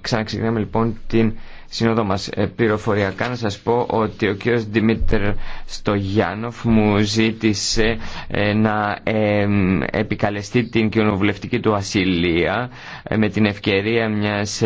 Ξαναξεκινάμε λοιπόν την σύνοδο μας ε, πληροφοριακά να σας πω ότι ο κύριος Δημήτρ Στογιάνοφ μου ζήτησε ε, να επικαλεστεί την κοινοβουλευτική του ασυλία ε, με την ευκαιρία μιας